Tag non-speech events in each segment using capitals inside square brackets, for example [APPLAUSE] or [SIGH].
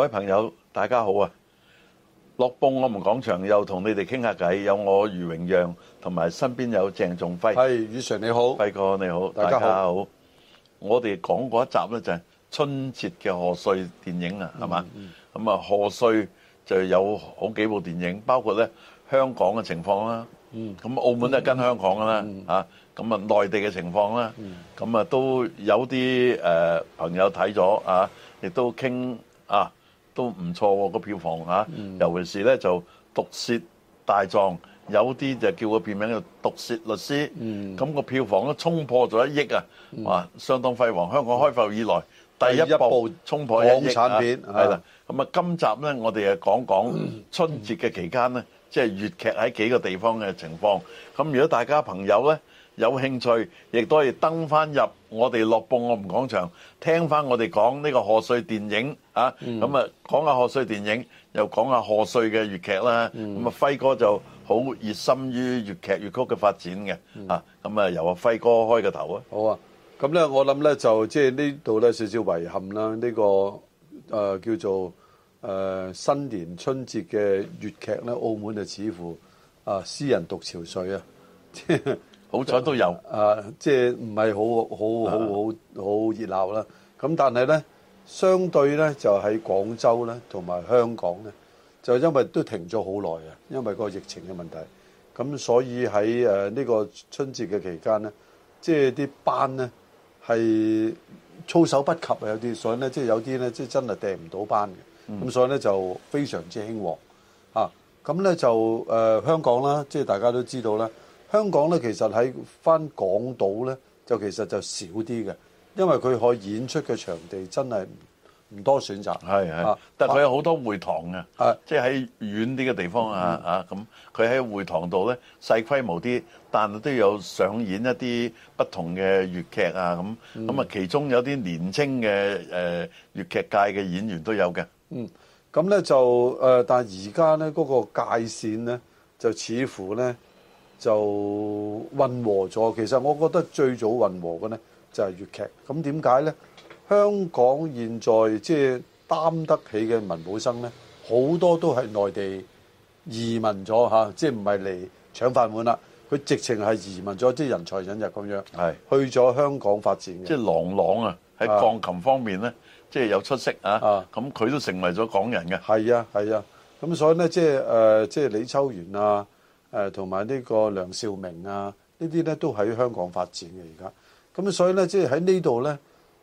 各位朋友，大家好啊！樂報，我們講場又同你哋傾下偈，有我余榮讓，同埋身邊有鄭仲輝。係，余 Sir 你好，輝哥你好，大家好。我哋講過一集咧，就係春節嘅賀歲電影啊，係嘛？咁啊，賀歲就有好幾部電影，包括咧香港嘅情況啦。嗯。咁澳門都係跟香港噶啦，啊咁啊內地嘅情況啦，咁啊都有啲誒朋友睇咗啊，亦都傾啊。都唔錯喎、啊、個票房、啊嗯、尤其是咧就毒舌大狀，有啲就叫個片名叫毒舌律師，咁、嗯、個票房都、啊、衝破咗一億啊，哇、嗯啊，相當輝煌！香港開埠以來、嗯、第一部衝破一億嘅、啊、港產片、啊，係啦。咁啊，今集咧我哋啊講講春節嘅期間咧，即係、嗯、粵劇喺幾個地方嘅情況。咁如果大家朋友咧，有興趣，亦都可以登翻入我哋樂報我們講場，聽翻我哋講呢個賀歲電影啊！咁、嗯、啊，講下賀歲電影，又講下賀歲嘅粵劇啦。咁啊、嗯，輝哥就好熱心於粵劇粵曲嘅發展嘅啊！咁、嗯、啊，由阿輝哥開個頭啊！好啊！咁咧，我諗咧就即係呢度咧少少遺憾啦。呢、呢個、呃、叫做誒、呃、新年春節嘅粵劇咧，澳門就似乎啊私人獨潮水啊！ [LAUGHS] 好彩都有啊，啊，即係唔係好好好好好熱鬧啦。咁是的 但係呢，相對呢，就喺廣州呢，同埋香港呢，就因為都停咗好耐嘅，因為個疫情嘅問題。咁所以喺誒呢個春節嘅期間呢，即係啲班呢係措手不及啊，有啲所以呢，即係有啲呢，即係真係訂唔到班嘅。咁，嗯，所以呢，就非常之興旺啊。咁呢，就誒，呃，香港啦，即係大家都知道啦。香港咧，其實喺返港島咧，就其實就少啲嘅，因為佢可以演出嘅場地真係唔多選擇。係係是，啊、但佢有好多會堂嘅，即係喺遠啲嘅地方、嗯、啊啊咁，佢、嗯、喺會堂度咧細規模啲，但都有上演一啲不同嘅粵劇啊咁。咁啊，嗯、其中有啲年青嘅誒粵劇界嘅演員都有嘅。嗯，咁咧就誒、呃，但而家咧嗰個界線咧，就似乎咧。就混合咗，其實我覺得最早混合嘅呢，就係、是、粵劇。咁點解呢？香港現在即係、就是、擔得起嘅文保生呢，好多都係內地移民咗嚇，即係唔係嚟搶飯碗啦？佢直情係移民咗，即、就、係、是、人才引入咁樣，是去咗香港發展嘅。即係郎朗啊，喺鋼琴方面呢，即係、啊、有出色啊！咁佢、啊、都成為咗港人嘅。係啊，係啊！咁所以呢，即係即係李秋元啊。誒同埋呢個梁少明啊，呢啲咧都喺香港發展嘅而家，咁所以咧即係喺呢度咧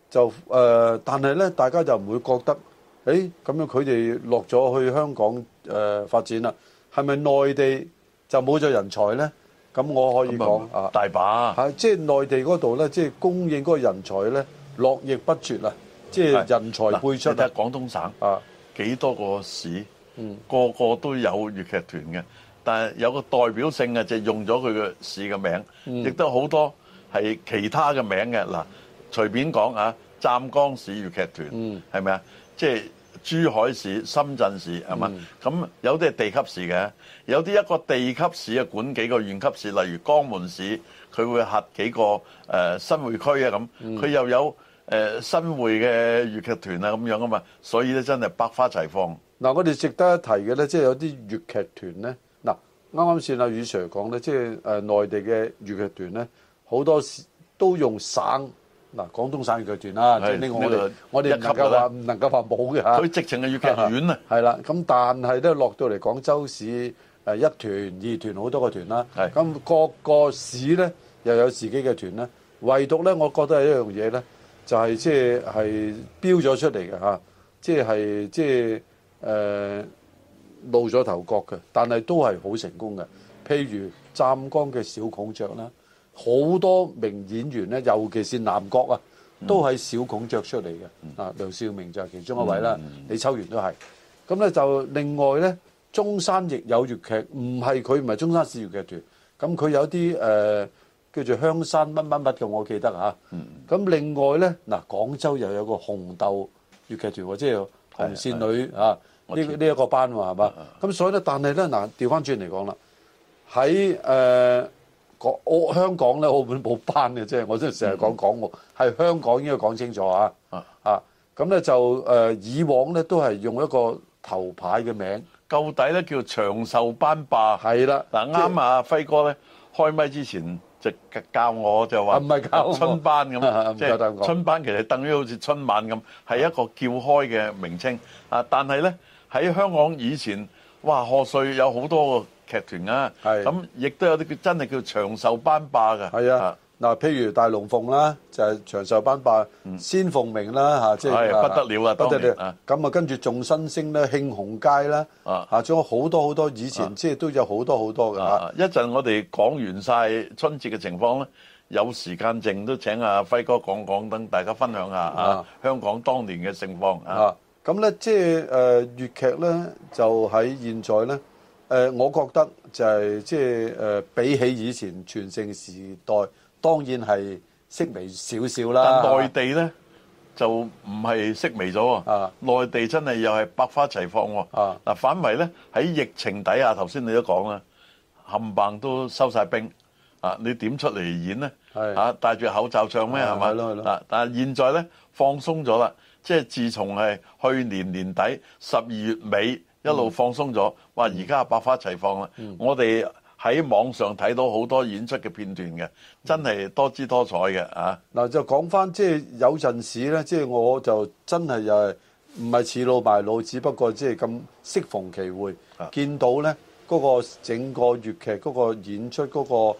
就誒、是呃，但係咧大家就唔會覺得，誒、欸、咁樣佢哋落咗去香港誒、呃、發展啦，係咪內地就冇咗人才咧？咁我可以講啊，大把，即係內地嗰度咧，即、就、係、是、供應嗰個人才咧，絡繹不絕啦，即係人才輩出。睇下、啊、廣東省啊，幾多個市，個個都有粵劇團嘅。但係有個代表性嘅就係、用咗佢個市嘅名，亦都好多係其他嘅名嘅嗱。隨便講啊，湛江市粵劇團係咪啊？即係、嗯就係、珠海市、深圳市係嘛？咁、嗯、有啲係地級市嘅，有啲一個地級市啊管幾個縣級市，例如江門市，佢會核幾個誒、呃、新會區啊咁，佢、嗯、又有誒、呃、新會嘅粵劇團啊咁樣啊嘛，所以咧真係百花齊放嗱。那我哋值得一提嘅咧，即、就、係、係、有啲粵劇團咧。啱啱先阿余 Sir 講咧，即係誒內地嘅粵劇團咧，好多都用省嗱、啊、廣東省粵劇團啦，即係呢個我哋我哋唔能夠話唔能夠話冇嘅嚇。佢直情係粵劇院啊，係啦。咁但係咧落到嚟廣州市誒、呃、一團二團好多個團啦，咁的各個市咧又有自己嘅團啦。唯獨咧，我覺得係一樣嘢咧，就係即係係標咗出嚟嘅嚇，即係即係誒。就是就是呃露咗頭角嘅，但係都係好成功嘅。譬如湛江嘅小孔雀啦，好多名演員咧，尤其是南國啊，都係小孔雀出嚟嘅。啊，梁少明就係其中一位啦，李秋元都係。咁咧就另外咧，中山亦有粵劇，唔係佢唔係中山市粵劇團，咁佢有啲誒叫做香山乜乜乜嘅，我記得吓。咁另外咧，嗱廣州又有個紅豆粵劇團喎，即係紅線女啊。呢呢一個班喎，係嘛？咁所以咧，但係咧嗱，調翻轉嚟講啦，喺誒我香港咧，澳門冇班嘅，即係我真係成日講港澳係香港應該講清楚啊！啊，咁咧就誒以往咧都係用一個頭牌嘅名，到底咧叫長壽班霸。係啦，嗱啱啊，輝哥咧開咪之前就教我就話，唔係教春班咁，即係春班其實等於好似春晚咁，係一個叫開嘅名稱啊，但係咧。喺香港以前，哇！賀歲有好多個劇團啊，咁亦都有啲叫真係叫長壽班霸噶。係啊，嗱，譬如大龍鳳啦，就係長壽班霸，仙鳳鳴啦，吓，即係不得了啦，當年。咁啊，跟住仲新星咧，慶紅街啦，仲有好多好多以前，即係都有好多好多噶。一陣我哋講完晒春節嘅情況咧，有時間剩都請阿輝哥講講，等大家分享下啊，香港當年嘅盛況啊。咁咧，即係誒粵劇咧，就喺現在咧，誒我覺得就係即係誒比起以前全盛時代，當然係式微少少啦。但係內地咧就唔係式微咗喎。啊，內地真係又係百花齊放喎。啊，嗱反為咧喺疫情底下，頭先你都講啦，冚唪棒都收曬兵啊！你點出嚟演咧？係啊，戴住口罩唱咩係咪？係咯係咯。嗱，但係現在咧放鬆咗啦。即係自從係去年年底十二月尾一路放鬆咗，哇！而家百花齊放啦。我哋喺網上睇到好多演出嘅片段嘅，真係多姿多彩嘅啊！嗱，就講返即係有陣時咧，即係我就真係又係唔係似老賣老，只不過即係咁適逢其會，見到咧嗰個整個粵劇嗰個演出嗰個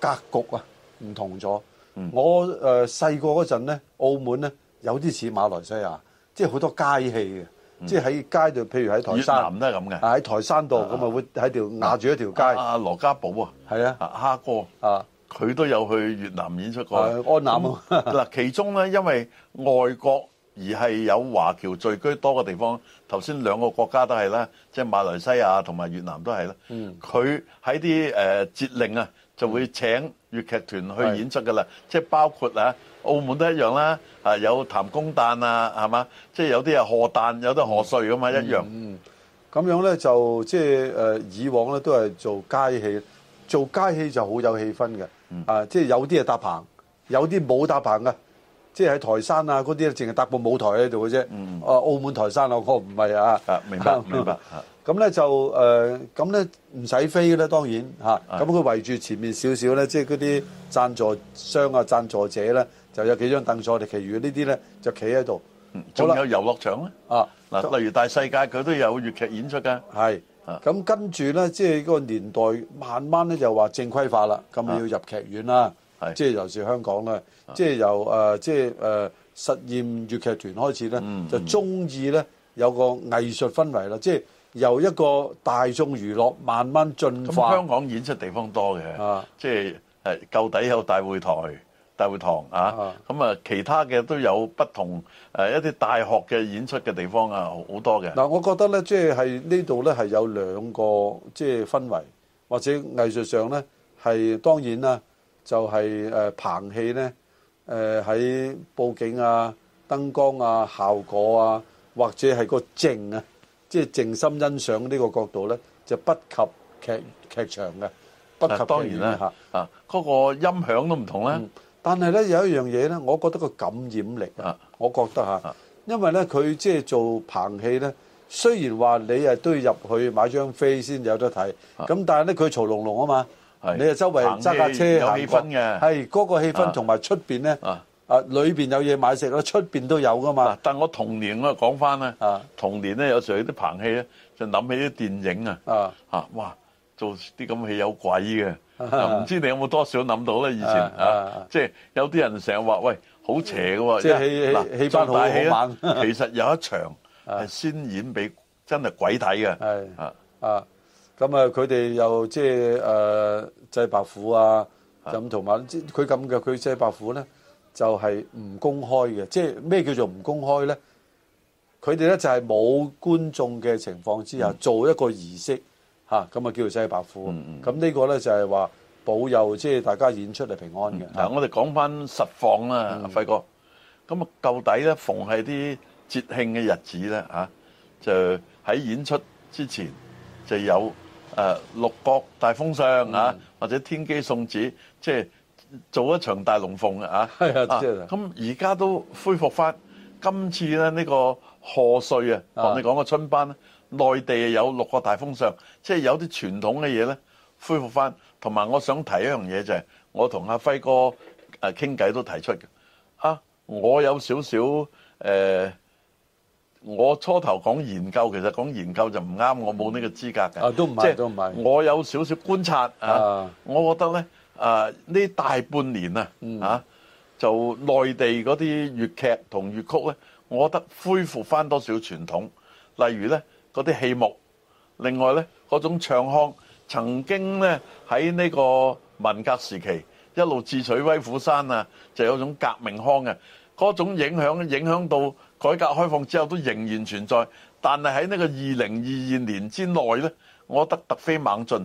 格局啊，唔同咗。我誒細個嗰陣咧，澳門咧。有啲似馬來西亞，即係好多街戲嘅，即係喺街度，譬如喺台山，越南都係咁嘅，喺台山度，咁咪會喺條壓住一條街。阿羅家寶啊，係啊，蝦哥啊，佢都有去越南演出過。安南啊，嗱，其中咧，因為外國而係有華僑聚居多嘅地方，頭先兩個國家都係啦，即係馬來西亞同埋越南都係啦。佢喺啲誒節令啊，就會請粵劇團去演出噶啦，即係包括啊。澳門都一樣啦，啊有譚公誕啊，係嘛？即、就、係、是、有啲啊賀誕，有啲賀歲噶嘛一樣。嗯，咁、嗯、樣咧就即係誒以往咧都係做街戲，做街戲就好有氣氛嘅。嗯、啊即係、就是、有啲啊搭棚，有啲冇搭棚嘅，即係喺台山啊嗰啲咧，淨係搭個舞台喺度嘅啫。嗯啊，澳門台山我講唔係啊。明白明白。咁咧就誒，咁咧唔使飛咧，當然嚇。咁、啊、佢圍住前面少少咧，即係嗰啲贊助商啊、贊助者咧、啊。就有幾張凳坐，我哋，其餘呢啲咧就企喺度。仲有遊樂場咧。啊，嗱，例如大世界佢都有粵劇演出㗎。係。咁跟住咧，即係嗰個年代慢慢咧，又話正規化啦，咁要入劇院啦。即係尤其是香港啦，即係由即係誒實驗粵劇團開始咧，就中意咧有個藝術氛圍啦，即係由一個大眾娛樂慢慢進化。咁香港演出地方多嘅，即係舊底有大會台。大會堂啊，咁啊，其他嘅都有不同，誒、啊、一啲大學嘅演出嘅地方啊，好多嘅。嗱、啊，我覺得咧，即、就、係、是、呢度咧係有兩個即係、就是、氛圍，或者藝術上咧係當然啦，就係誒棚戲咧，誒喺佈景啊、燈光啊、效果啊，或者係個靜啊，即、就、係、是、靜心欣賞呢個角度咧，就不及劇劇場嘅。不及啊，當然啦，嚇、啊，嗰、那個音響都唔同啦。嗯但係咧有一樣嘢咧，我覺得個感染力啊，我覺得嚇，因為咧佢即係做棚戲咧，雖然話你都要入去買張飛先有得睇，咁但係咧佢嘈隆隆啊嘛，你誒周圍揸架車，有氣氛嘅係嗰個氣氛同埋出邊咧啊，裏邊有嘢買食啦，出邊都有噶嘛。但我童年啊，講翻啊，童年咧有時候有啲棚戲咧，就諗起啲電影啊，嚇哇，做啲咁嘅戲有鬼嘅。又唔知你有冇多少諗到咧？以前啊，即係有啲人成日話喂，好邪㗎喎，即係嗱氣氛好猛。其實有一場係先演俾真係鬼睇嘅，啊！咁啊，佢哋又即係誒祭白虎啊，咁同埋之佢咁嘅，佢祭白虎咧就係唔公開嘅。即係咩叫做唔公開咧？佢哋咧就係冇觀眾嘅情況之下，做一個儀式。咁啊，叫做祭白虎。咁呢個咧就係話保佑，即、就、係、是、大家演出嚟平安嘅。嗱、嗯，我哋講翻實況啦，嗯、阿輝哥。咁啊，到底咧逢係啲節慶嘅日子咧，就喺演出之前就有誒、啊、六國大封相啊，嗯、或者天姬送子，即、就、係、是、做一場大龍鳳啊，咁而家都恢復翻，今次咧呢、這個賀歲啊，同的你講個春班呢。內地有六個大風尚，即係有啲傳統嘅嘢呢，恢復翻。同埋我想提一樣嘢就係、是，我同阿輝哥傾偈都提出嘅。啊，我有少少、呃、我初頭講研究，其實講研究就唔啱，我冇呢個資格嘅、啊。都唔係，是都唔係我有少少觀察啊，我覺得呢，啊、呃，呢大半年、嗯、啊，就內地嗰啲粵劇同粵曲呢，我覺得恢復翻多少傳統，例如呢，嗰啲戲目，另外呢，嗰種唱腔，曾經呢，喺呢個文革時期一路智取威虎山啊，就有種革命腔嘅，嗰種影響影響到改革開放之後都仍然存在，但係喺呢個二零二二年之內呢，我覺得突飛猛進。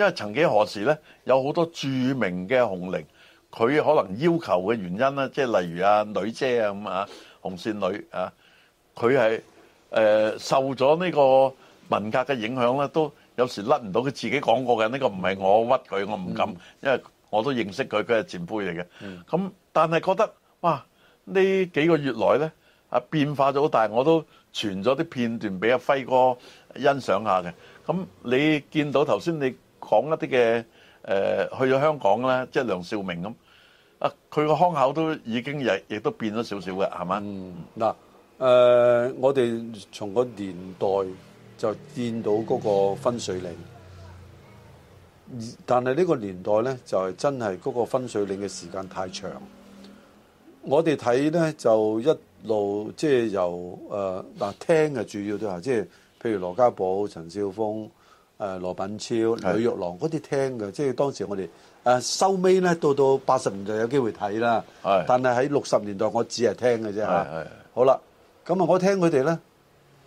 因為曾幾何時咧，有好多著名嘅紅伶，佢可能要求嘅原因啦，即係例如啊，女姐啊咁啊，紅線女啊，佢係誒受咗呢個文革嘅影響咧，都有時甩唔到。佢自己講過嘅，呢個唔係我屈佢，我唔敢，因為我都認識佢，佢係前輩嚟嘅。咁但係覺得哇，呢幾個月來咧，啊變化咗好大，我都傳咗啲片段俾阿輝哥欣賞一下嘅。咁你見到頭先你？講一啲嘅誒，去咗香港咧，即係梁少明咁啊，佢個腔口都已經亦亦都變咗少少嘅，係咪？嗯，嗱、啊，誒、呃，我哋從個年代就見到嗰個分水嶺，但係呢個年代咧就係、是、真係嗰個分水嶺嘅時間太長。我哋睇咧就一路即係由誒嗱、呃、聽嘅主要都係即係譬如羅家寶、陳笑風。誒羅品超、呂玉郎嗰啲聽嘅，即係是的 當時我哋誒收尾咧，到到八十年代有機會睇啦。是的 但係喺六十年代，我只係聽嘅啫好啦，咁是的 啊，是的 我聽佢哋咧，誒、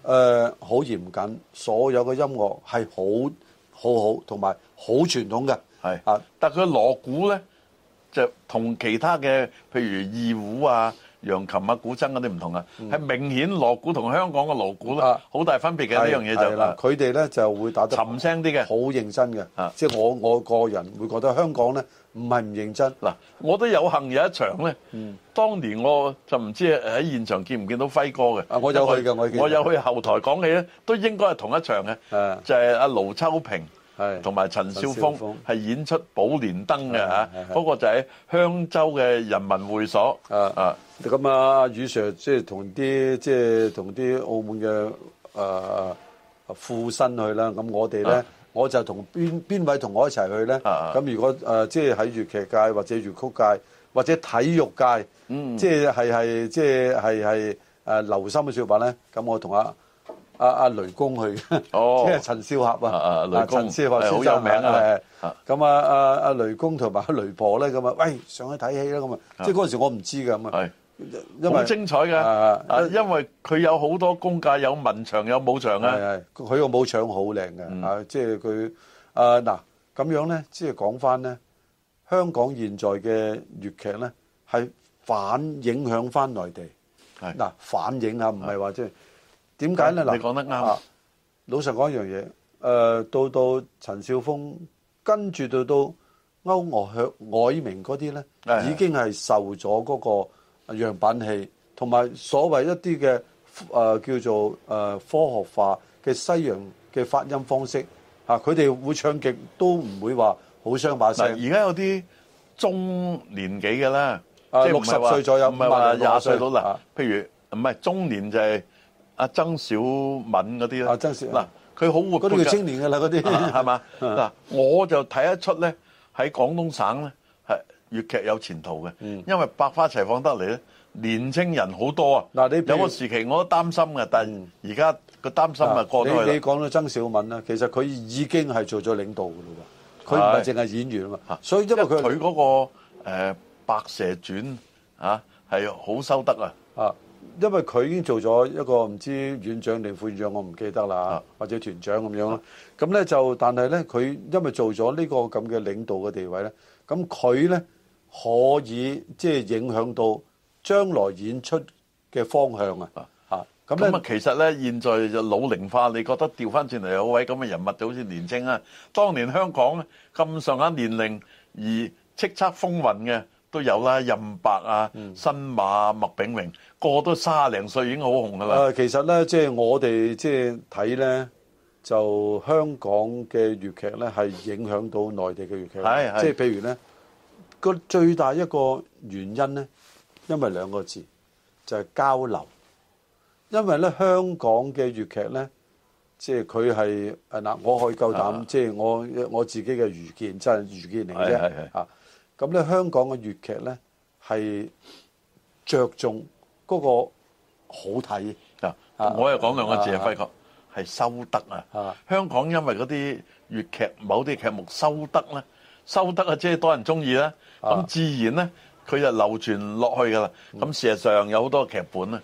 呃、好嚴謹，所有嘅音樂係好好好同埋好傳統嘅，的啊、但佢嘅鑼鼓咧，就同其他嘅譬如二胡啊、揚琴啊、古箏嗰啲唔同啊，係、嗯、明顯鑼鼓同香港嘅鑼鼓啦，好大分別嘅、啊就是、呢樣嘢就，佢哋咧就會打得沉聲啲嘅，好認真嘅，啊、即係我我個人會覺得香港咧唔係唔認真。嗱、啊，我都有幸有一場咧，嗯、當年我就唔知喺現場見唔見到輝哥嘅。啊，我有去㗎，我有去，我有去後台講起咧，都應該係同一場嘅，啊、就係阿盧秋平。係，同埋是陳少峰係演出《寶蓮燈》嘅嚇，嗰個就喺香洲嘅人民會所啊啊！咁啊，余 Sir 即係同啲即係同啲澳門嘅啊富新去啦。咁我哋咧，的我就同邊邊位同我一齊去咧？咁如果即係喺粵劇界，或者粵曲界，或者體育界，即係係即係係係留心嘅小品咧。咁我同阿。阿阿雷公去，即係陳少俠啊！阿陳少俠好有名啊！咁啊阿阿雷公同埋阿雷婆咧，咁啊喂，上去睇戲啦！咁啊，即係嗰陣時我唔知噶，咁啊，好精彩噶！啊，因為佢有好多功架，有文場，有武場啊！系系，佢個武場好靚嘅啊！即係佢啊嗱，咁樣咧，即係講翻咧，香港現在嘅粵劇咧，係反影響翻內地。係嗱，反映啊，唔係話即係。點解咧？嗱，你講得啱。老實講一樣嘢，誒、呃、到到陳少峰，跟住到到歐俄向愛明嗰啲咧，已經係受咗嗰個樣板戲，同埋所謂一啲嘅誒叫做誒、呃、科學化嘅西洋嘅發音方式嚇，佢、呃、哋會唱極都唔會話好傷把聲。而家有啲中年紀嘅啦，六十、呃、歲左右，唔係話廿歲到啦。呃、譬如唔係中年就係、是。阿曾小敏嗰啲咧，嗱，佢好活潑㗎，嗰叫青年㗎啦，嗰啲係嘛？嗱，我就睇得出咧，喺廣東省咧係粵劇有前途嘅，嗯、因為百花齊放得嚟咧，年青人好多啊。嗱你有個時期我都擔心嘅，但而家個擔心啊過咗去。你你講到曾小敏啦，其實佢已經係做咗領導㗎啦，佢唔係淨係演員啊嘛。吓所以因為佢佢嗰個、呃、《白蛇傳》啊係好收得啊。因為佢已經做咗一個唔知院長定副院長，我唔記得啦，或者團長咁樣咯。咁咧就，但係呢，佢因為做咗呢個咁嘅領導嘅地位咧，咁佢呢可以即係影響到將來演出嘅方向啊！嚇咁咧，其實呢，現在就老齡化，你覺得調翻轉嚟有位咁嘅人物就好似年青啊？當年香港咁上下年齡而叱咤風雲嘅。都有啦，任伯啊、新馬麥炳榮，個個都三廿零歲已經好紅噶啦。誒，其實咧，即、就、係、是、我哋即係睇咧，就香港嘅粵劇咧，係影響到內地嘅粵劇。係即係譬如咧，個最大一個原因咧，因為兩個字，就係、是、交流。因為咧，香港嘅粵劇咧，即係佢係誒嗱，我可以夠膽，即係是是 我我自己嘅預見，真係預見嚟啫。係係啊！咁咧，香港嘅粵劇咧，係着重嗰個好睇啊！我又講兩個字啊，輝哥係收得啊！香港因為嗰啲粵劇某啲劇目收得咧，收得啊，即係多人中意啦，咁自然咧，佢就流傳落去噶啦。咁事實上有好多劇本啊，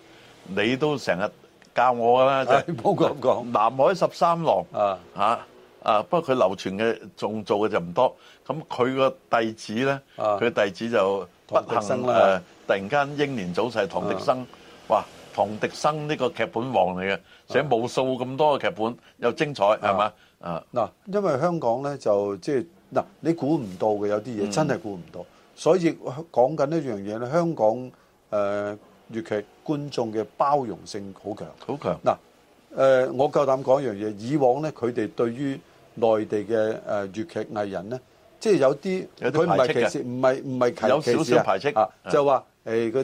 你都成日教我噶啦，就冇講講《南海十三郎》啊嚇。啊！不過佢流傳嘅仲做嘅就唔多，咁佢個弟子咧，佢、啊、弟子就不幸誒，啊、突然間英年早逝，唐迪生。啊、哇！唐迪生呢個劇本王嚟嘅，啊、寫無數咁多嘅劇本，又精彩係嘛？啊！嗱吧、啊，因為香港咧就即係嗱，你估唔到嘅有啲嘢、嗯、真係估唔到，所以講緊一樣嘢咧，香港誒粵、呃、劇觀眾嘅包容性好強，好強，嗱、誒、我夠膽講一樣嘢，以往咧佢哋對於內地嘅誒粵劇藝人咧，即係有啲佢唔係歧視，唔係唔係有少少排斥啊，就話誒嗰啲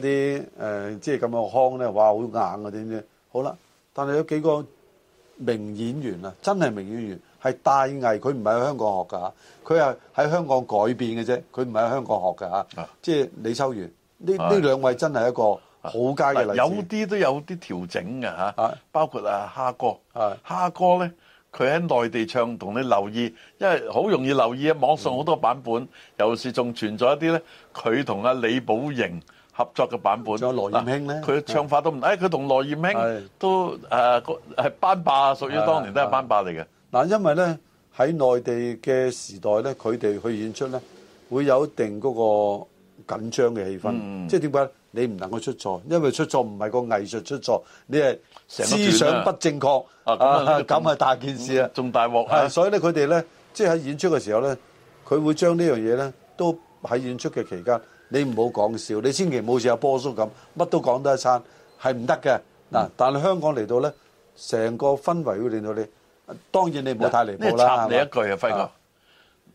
誒即係咁樣腔咧，哇好硬嗰啲咧。好啦，但係有幾個名演員啊，真係名演員係大藝，佢唔係喺香港學噶嚇，佢係喺香港改變嘅啫，佢唔係喺香港學噶嚇。的即係李秋元呢呢的兩位真係一個好佳嘅例子。有啲都有啲調整嘅嚇，包括啊蝦哥，蝦的哥咧。佢喺內地唱，同你留意，因為好容易留意啊！網上好多版本，尤其是仲存在一啲咧，佢同阿李寶瑩合作嘅版本，仲有羅艷卿咧，佢唱法都唔，誒佢同羅艷卿都誒係班霸，屬於當年都係班霸嚟嘅。嗱，因為咧喺內地嘅時代咧，佢哋去演出咧，會有一定嗰個緊張嘅氣氛，即係點解咧？你唔能夠出錯，因為出錯唔係個藝術出錯，你係思想不正確。啊！咁啊，大件事啊，仲大鑊啊！所以咧，佢哋咧，即係喺演出嘅時候咧，佢會將呢樣嘢咧，都喺演出嘅期間，你唔好講笑，你千祈唔好似阿波叔咁，乜都講得一餐，係唔得嘅嗱。但係香港嚟到咧，成個氛圍會令到你，當然你唔好太離譜啦。插你一句啊，輝哥，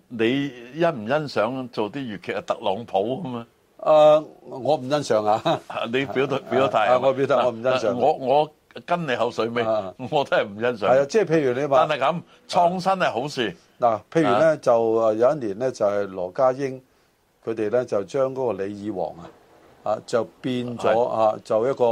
你欣唔欣賞做啲粵劇嘅特朗普咁啊？誒，我唔欣賞啊！你表表態啊？我表態，我唔欣賞。我我。跟你口水尾，我都係唔欣賞。係啊，即係譬如你話，但係咁創新係好事嗱。譬如咧，就誒有一年咧，就係羅家英佢哋咧就將嗰個李爾王啊，啊就變咗啊，係就一個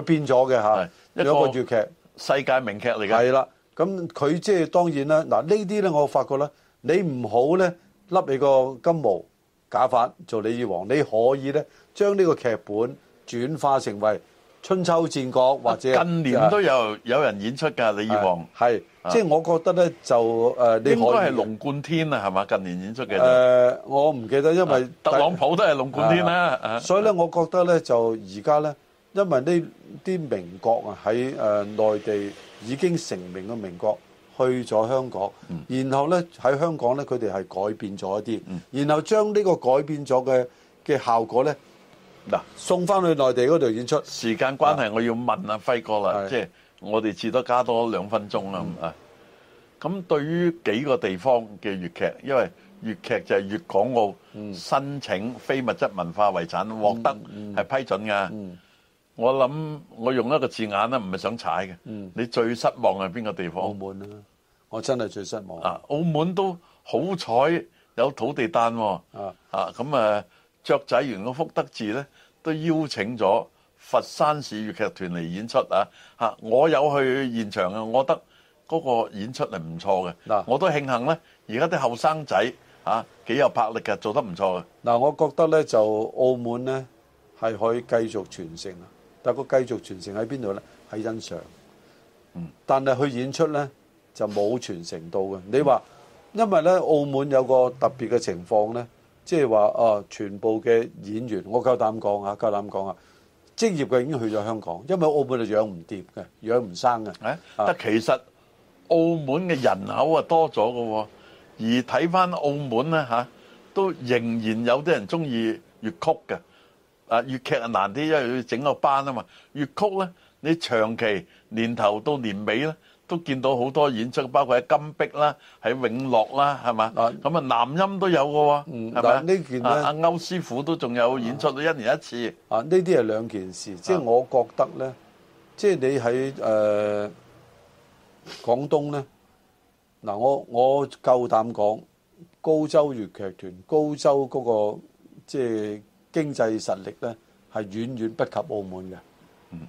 佢變咗嘅嚇，係一個粵劇世界名劇嚟嘅。係啦，咁佢即係當然啦。嗱呢啲咧，我發覺咧，你唔好咧笠你個金毛假髮做李爾王，你可以咧將呢個劇本轉化成為。春秋戰國或者近年都有有人演出㗎，李易王係即係我覺得咧就，誒，應該係龍貫天啊，係嘛？近年演出嘅，誒，我唔記得，因為特朗普都係龍貫天啦，所以咧，我覺得咧就而家咧，因為呢啲名國啊喺誒內地已經成名嘅名國去咗香港，然後咧喺香港咧佢哋係改變咗一啲，然後將呢個改變咗嘅嘅效果咧。送翻去內地嗰度演出。時間關係，我要問阿輝哥啦，即係我哋至多加多兩分鐘啦。咁啊，咁對於幾個地方嘅粵劇，因為粵劇就係粵，粵港澳申請非物質文化遺產獲得係批准嘅。我諗我用一個字眼啦，唔係想踩嘅。你最失望係邊個地方？澳門，啊，我真係最失望。啊，澳門都好彩有土地誕喎。啊咁啊！雀仔園個福德寺咧，都邀請咗佛山市粵劇團嚟演出啊！嚇，我有去現場啊，我覺得嗰個演出係唔錯嘅。嗱、啊，我都慶幸咧，而家啲後生仔嚇幾有魄力嘅，做得唔錯嘅。嗱、啊，我覺得咧就澳門咧係可以繼續傳承啦，但係個繼續傳承喺邊度咧？喺欣賞，嗯，但係去演出咧就冇傳承到嘅。你話，嗯、因為咧澳門有個特別嘅情況咧。即係話啊，全部嘅演員，我夠膽講啊，夠膽講啊，職業佢已經去咗香港，因為澳門就養唔掂嘅，養唔生嘅。啊，但其實澳門嘅人口啊多咗㗎，而睇翻澳門咧嚇，啊，都仍然有啲人中意粵曲嘅啊，粵劇啊難啲，因為要整個班啊嘛，粵曲咧你長期年頭到年尾咧。都見到好多演出，包括喺金碧啦、喺永樂啦，係嘛？啊，咁啊南音都有嘅喎，係咪、嗯？吧件呢件咧，阿、啊、歐師傅都仲有演出，到一年一次。啊，呢啲係兩件事，啊、即係我覺得咧，即係你喺誒、呃、廣東咧，嗱、啊、我我夠膽講，高州粵劇團高州嗰、嗰個即係經濟實力咧，係遠遠不及澳門嘅。嚇、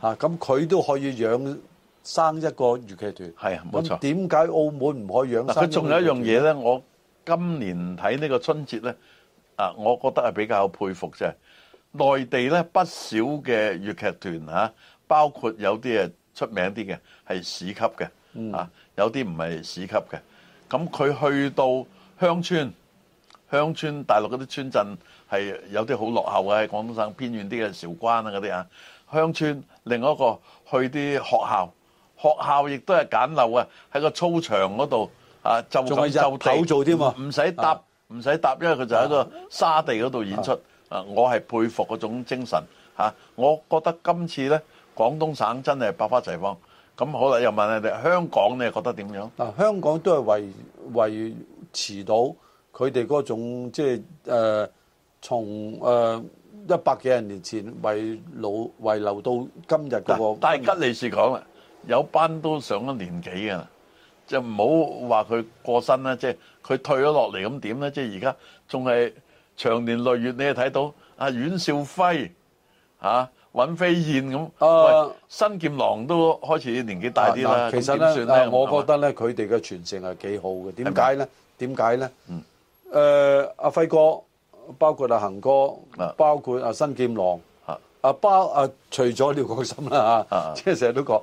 嗯，咁佢、啊、都可以養。生一個粵劇團係，啊，冇錯。點解澳門唔可以養？佢仲有一樣嘢咧。我今年睇呢個春節咧，啊，我覺得係比較佩服啫。內地咧，不少嘅粵劇團嚇，包括有啲誒出名啲嘅係市級嘅，啊、嗯，有啲唔係市級嘅。咁佢去到鄉村，鄉村大陸嗰啲村鎮係有啲好落後嘅，喺廣東省偏遠啲嘅韶關啊嗰啲啊，鄉村。另外一個去啲學校。學校亦都係簡陋嘅，喺個操場嗰度啊，就咁就地做添，唔使搭唔使搭，因為佢就喺個沙地嗰度演出。啊，我係佩服嗰種精神吓。我覺得今次呢，廣東省真係百花齊放。咁好啦，又問你哋香港，你覺得點樣？嗱、啊，香港都係維維持到佢哋嗰種即係誒、呃，從誒、呃、一百幾十年前遺老，遺留到今日嗰個，但係吉利時講。有班都上咗年紀嘅，就唔好話佢過身啦。即係佢退咗落嚟咁點咧？即係而家仲係長年累月，你係睇到阿阮兆輝、嚇尹飛燕咁。誒，新劍郎都開始年紀大啲啦。其實咧算係，我覺得咧，佢哋嘅傳承係幾好嘅。點解咧？點解咧？誒，阿輝哥，包括阿恒哥，包括阿新劍郎，啊，包誒，除咗廖國森啦，即係成日都講。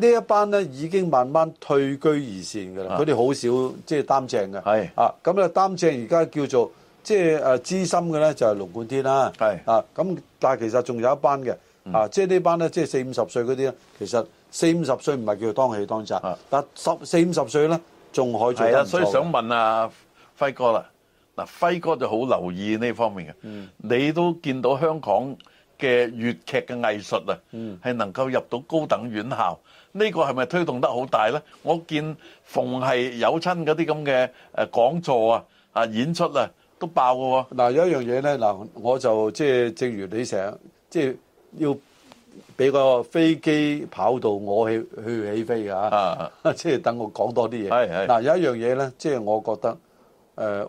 呢一班咧已經慢慢退居二線嘅啦，佢哋好少即係擔正嘅。係啊，咁咧擔正而家叫做即係誒資深嘅咧，就係龍貫天啦。係啊，咁但係其實仲有一班嘅啊，即係呢班咧，即係四五十歲嗰啲咧，其實四五十歲唔係叫做當氣當責啊。但，十四五十歲咧，仲可以做得到。係啊，所以想問阿輝哥啦，嗱輝哥就好留意呢方面嘅，你都見到香港嘅粵劇嘅藝術啊，係、嗯、能夠入到高等院校，呢個係咪推動得好大咧？我見逢係有親嗰啲咁嘅誒講座啊、啊演出啊都爆嘅喎。嗱，有一樣嘢咧，嗱，我就即係正如你成日，即係要俾個飛機跑道我起去起飛嘅嚇，啊，即係等我講多啲嘢。係係。嗱，有一樣嘢咧，即係我覺得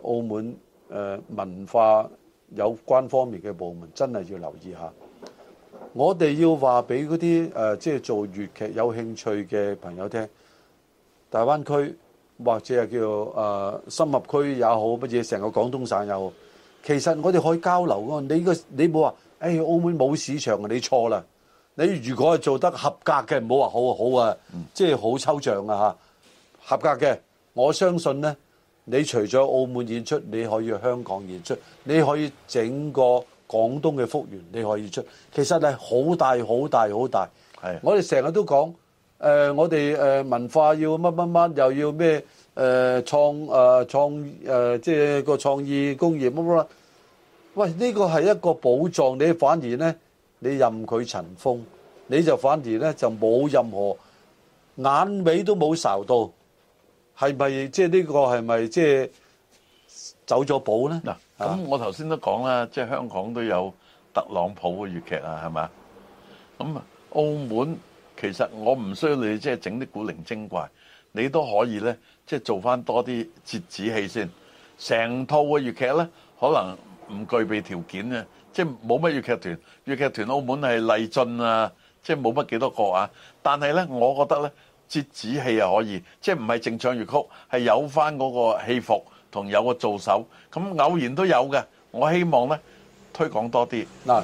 誒澳門誒文化。有關方面嘅部門真係要留意下，我哋要話俾嗰啲誒，即、呃、係、就是、做粵劇有興趣嘅朋友聽，大灣區或者係叫誒、呃、深合區也好，乜嘢成個廣東省也好，其實我哋可以交流噶。你個你冇話，誒、哎、澳門冇市場啊？你錯啦！你如果係做得合格嘅，唔好話好啊好啊，即係好抽象啊嚇，合格嘅，我相信呢。你除咗澳門演出，你可以香港演出，你可以整個廣東嘅福源，你可以出，其實係好大好大好大。係，我哋成日都講，誒我哋誒文化要乜乜乜，又要咩誒創誒創誒，即係個創意工業乜乜啦。喂，呢個係一個寶藏，你反而呢，你任佢塵封，你就反而呢就冇任何眼尾都冇睄到。係咪即係呢個係咪即係走咗寶咧？嗱，咁我頭先都講啦，即係香港都有特朗普嘅粵劇啊，係咪？咁啊，澳門其實我唔需要你即係整啲古靈精怪，你都可以咧，即係做翻多啲折子戲先。成套嘅粵劇咧，可能唔具備條件啊，即係冇乜粵劇團，粵劇團澳門係勵進啊，即係冇乜幾多個啊。但係咧，我覺得咧。折子戲又可以，即係唔係淨唱粵曲，係有返嗰個戲服同有個做手，咁偶然都有嘅。我希望咧推廣多啲。嗱，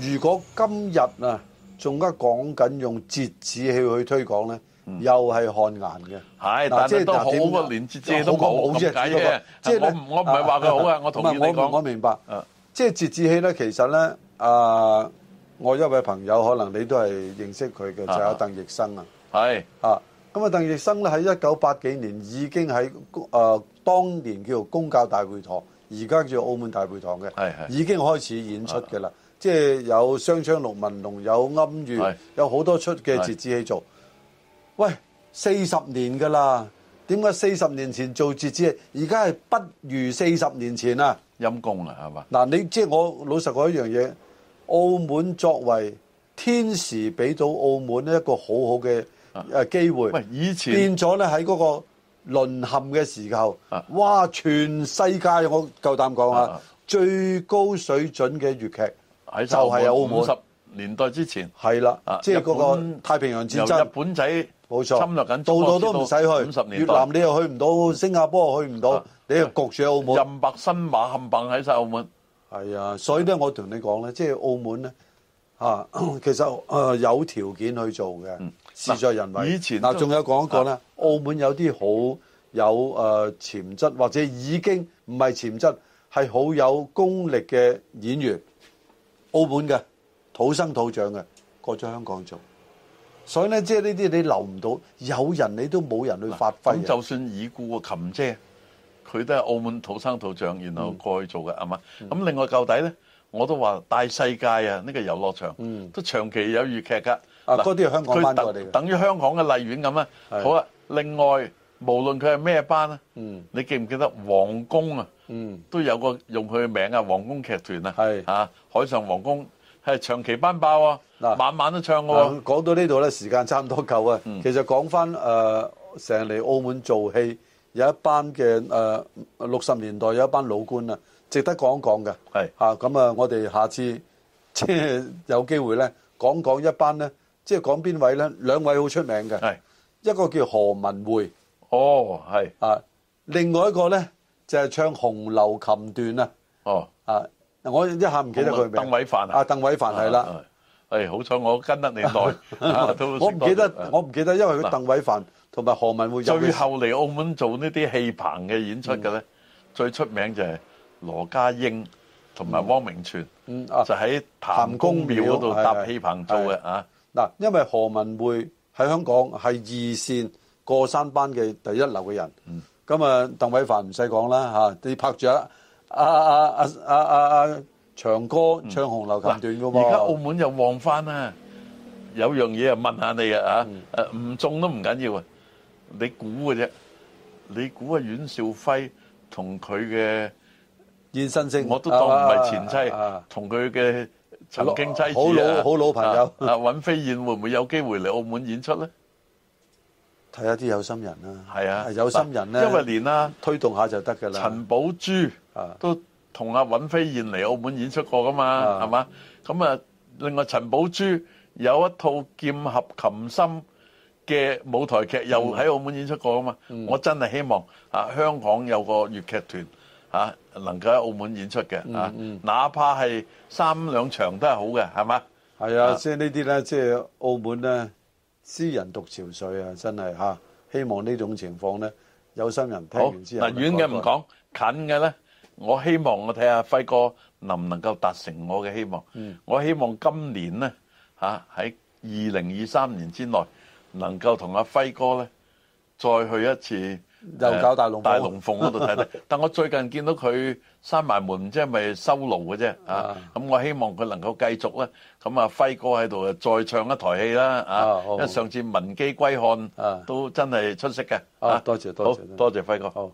如果今日啊仲加講緊用折子戲去推廣咧，嗯、又係看眼嘅。係是，借是都好，個連結都好嘅。唔好我即係我唔，我唔係話佢好啊。我同意你講，我明白。即係折子戲咧，其實咧，啊，我一位朋友，可能你都係認識佢嘅，就有、是、鄧奕生啊。啊。係是啊，咁啊鄧奕生咧喺一九八幾年已經喺誒、呃、當年叫做公教大會堂，而家叫做澳門大會堂嘅，係係已經開始演出嘅啦。即係有雙槍陸文龍，有暗月，是有好多出嘅折子戲做。喂，四十年噶啦，點解四十年前做折子戲，而家係不如四十年前陰啊？陰功啊，係嘛？嗱，你即係我老實講一樣嘢，澳門作為天時俾到澳門咧一個很好好嘅。誒，機、啊、會，以前變咗咧喺嗰個淪陷嘅時候，啊、哇！全世界我夠膽講啊，最高水準嘅粵劇喺就係澳門。五十年代之前係啦，即係嗰個太平洋戰爭日本，日本仔冇錯侵略緊，到到都唔使去越南，你又去唔到，新加坡又去唔到，啊、你又焗住喺澳門。任白新馬冚棒喺晒澳門，係啊，所以咧我同你講咧，即、就、係、是、澳門咧啊，其實誒有條件去做嘅。嗯事在人為。以前嗱，仲有講一講啦。啊、澳門有啲好有誒潛質，或者已經唔係潛質，係好有功力嘅演員，澳門嘅土生土長嘅過咗香港做，所以咧，即係呢啲你留唔到，有人你都冇人去發揮。咁就算已故嘅琴姐，佢都係澳門土生土長，然後過去做嘅、嗯，係嘛？咁另外究底咧。我都話大世界啊，呢個遊樂場都長期有粵劇噶。啊嗰啲係香港班過嚟，等於香港嘅荔園咁啊。好啊，另外無論佢係咩班啊，你記唔記得皇宮啊，都有個用佢嘅名啊，皇宮劇團啊，海上皇宮係長期班爆啊，嗱晚晚都唱㗎喎。講到呢度咧，時間差唔多夠啊。其實講翻誒，成日嚟澳門做戲有一班嘅誒，六十年代有一班老官啊。值得講一講嘅，係啊咁啊！我哋下次即係有機會咧，講講一班咧，即係講邊位咧？兩位好出名嘅，係一個叫何文匯，哦係啊，另外一個咧就係唱《紅樓琴斷》啊，哦啊！我一下唔記得佢名，鄧偉凡啊，鄧偉凡係啦，係好彩我跟得你耐，我唔記得我唔記得，因為佢鄧偉凡同埋何文匯最後嚟澳門做呢啲戲棚嘅演出嘅咧，最出名就係。羅家英同埋汪明荃、嗯，嗯、就喺在譚公廟度搭戲棚做嘅啊！嗱，因為何文匯喺香港係二線過山班嘅第一流嘅人，咁、嗯、啊，鄧偉凡唔使講啦嚇，你拍住啊！阿阿阿阿阿長歌唱紅樓片段嘅喎，而家、嗯啊、澳門又旺翻啊，有樣嘢啊，問下你啊嚇，誒唔中都唔緊要啊，你估嘅啫，你估阿阮兆輝同佢嘅。現身聲我都當唔係前妻，同佢嘅曾經妻主好老好老朋友。阿尹飛燕會唔會有機會嚟澳門演出咧？睇下啲有心人啦。係啊，有心人咧，因為連啦推動下就得噶啦。陳寶珠啊，都同阿尹飛燕嚟澳門演出過噶嘛，係嘛？咁啊，另外陳寶珠有一套《劍俠琴心》嘅舞台劇，又喺澳門演出過噶嘛。我真係希望啊，香港有個粵劇團。嚇，能夠喺澳門演出嘅嚇，嗯、哪怕係三兩場都係好嘅，係嘛、嗯？係啊，即係呢啲咧，即係澳門咧，私人獨潮水啊，真係嚇、啊！希望呢種情況咧，有心人聽完之後，嗱遠嘅唔講，近嘅咧，我希望我睇下輝哥能唔能夠達成我嘅希望。嗯、我希望今年咧嚇，喺二零二三年之內能夠同阿輝哥咧再去一次。又搞大龍鳳嗰度睇睇，但我最近見到佢閂埋門，即係咪收爐嘅啫？啊，咁、啊、我希望佢能夠繼續咧，咁啊輝哥喺度再唱一台戲啦、啊啊，啊，因為上次《民姬歸漢》啊、都真係出色嘅、啊，啊，多謝多謝多謝，多謝輝哥謝。